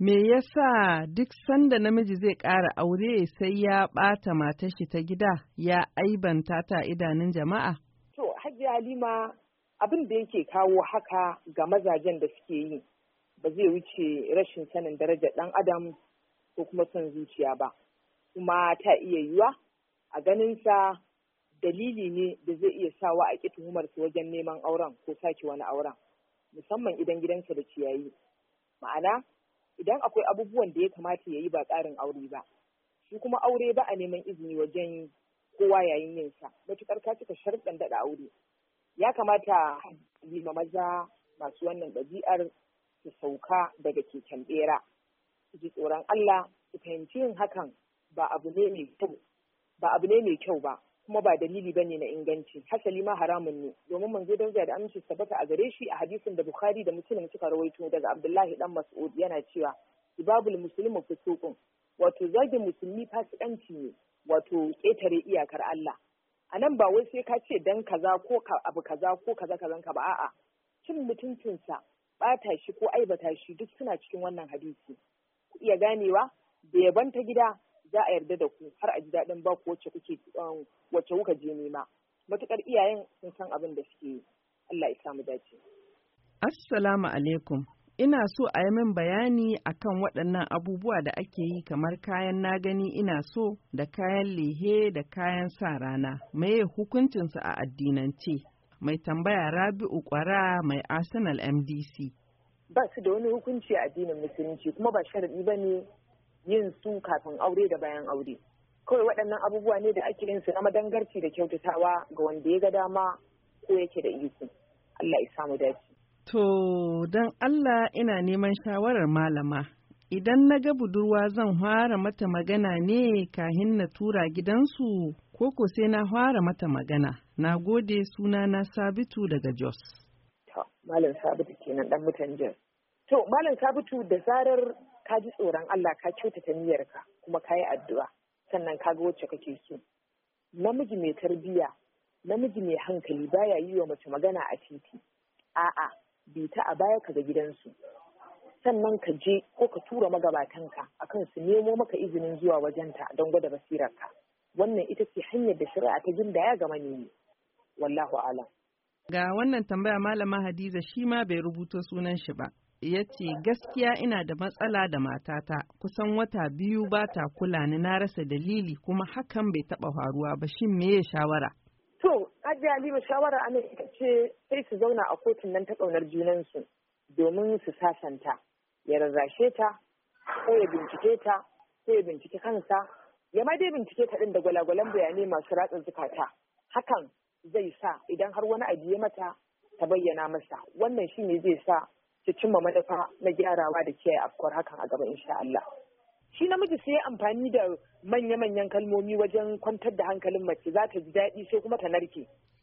Me yasa duk sanda namiji zai ƙara aure sai ya ɓata matar shi ta gida ya aibanta ta idanun jama'a? To, Hajji Halima abin da yake kawo haka ga mazajen da suke yi ba zai wuce rashin sanin daraja ɗan adam ko kuma son zuciya ba. Kuma ta iya yiwa a ganinsa dalili ne da zai iya sawa a ƙi tuhumarsu wajen neman auren ko sake wani auren musamman idan gidansa da ciyayi. Ma'ana idan akwai abubuwan da ya kamata ya yi ba tsarin aure ba shi kuma aure ba a neman izini wajen kowa yayin yin sa matukar ka cika sharɗan daɗa aure ya kamata lima maza masu wannan ɗabi'ar su sauka daga keken ɓera. su ji tsoron Allah su fahimci yin hakan ba abu ne mai kyau ba kuma ba dalili bane na inganci hasali ma haramun ne domin manzo dan da amince sabata a gare shi a hadisin da bukhari da muslim suka rawaito daga abdullahi dan mas'ud yana cewa ibabul muslimu fusuqun wato zagin musulmi fasikanci ne wato ƙetare iyakar Allah a nan ba wai sai ka ce dan kaza ko abu kaza ko kaza kazan ka ba a'a cin mutuncinsa bata shi ko aibata shi duk suna cikin wannan hadisi ku iya ganewa da yaban ta gida za a yarda da ku har a ji daɗin ba ku wacce kuke um, wacce kuka je nema matukar iyayen sun san abin da suke yi Allah ya samu dace Assalamu alaikum ina so a yi min bayani akan waɗannan abubuwa da ake yi kamar kayan na gani ina so da kayan lehe da kayan sa rana hukuncin hukuncinsa a addinance mai tambaya rabi'u kwara mai arsenal mdc ba su da wani hukunci a addinin musulunci kuma ba sharadi ba ne yin su kafin aure da bayan aure kawai waɗannan abubuwa ne da ake yin su na madangarci da kyautatawa ga wanda ya ga dama ko yake da iko Allah ya samu dace to dan Allah ina neman shawarar malama idan na ga budurwa zan fara mata magana ne kahin na tura gidansu ko ko sai na fara mata magana na gode suna na sabitu daga jos malam sabitu kenan dan mutan jos to malam sabitu da zarar ka ji tsoron Allah ka kyautata niyyarka kuma ka yi addu'a sannan ka ga wacce kake so namiji mai tarbiyya namiji mai hankali baya yi wa mace magana a titi a'a bi ta a baya ka ga gidansu sannan ka je ko ka tura magabatanka akan su nemo maka izinin zuwa wajenta don gwada basirarka wannan ita ce hanyar da shari'a ta gindaya ga manemi wallahu alam ga wannan tambaya malama hadiza shi ma bai rubuto sunan shi ba ya ce gaskiya ina da matsala da matata kusan wata biyu ba ta kula ni na rasa dalili kuma hakan bai taba faruwa ba shin me ya shawara to hajiya halima shawara ana ita ce sai su zauna a kotun nan ta ƙaunar junansu domin su sasanta ya rarrashe ta ko ya bincike ta ko ya bincike kansa ya ma dai bincike ta ɗin da gwalagwalan bayanai masu ratsa zukata hakan zai sa idan har wani abu ya mata ta bayyana masa wannan shine zai sa su cimma manufa na gyarawa da kiyaye afkuwar hakan a gaba insha Allah. Shi namiji sai ya amfani da manya-manyan kalmomi wajen kwantar da hankalin mace za ta ji daɗi sai kuma ta narke.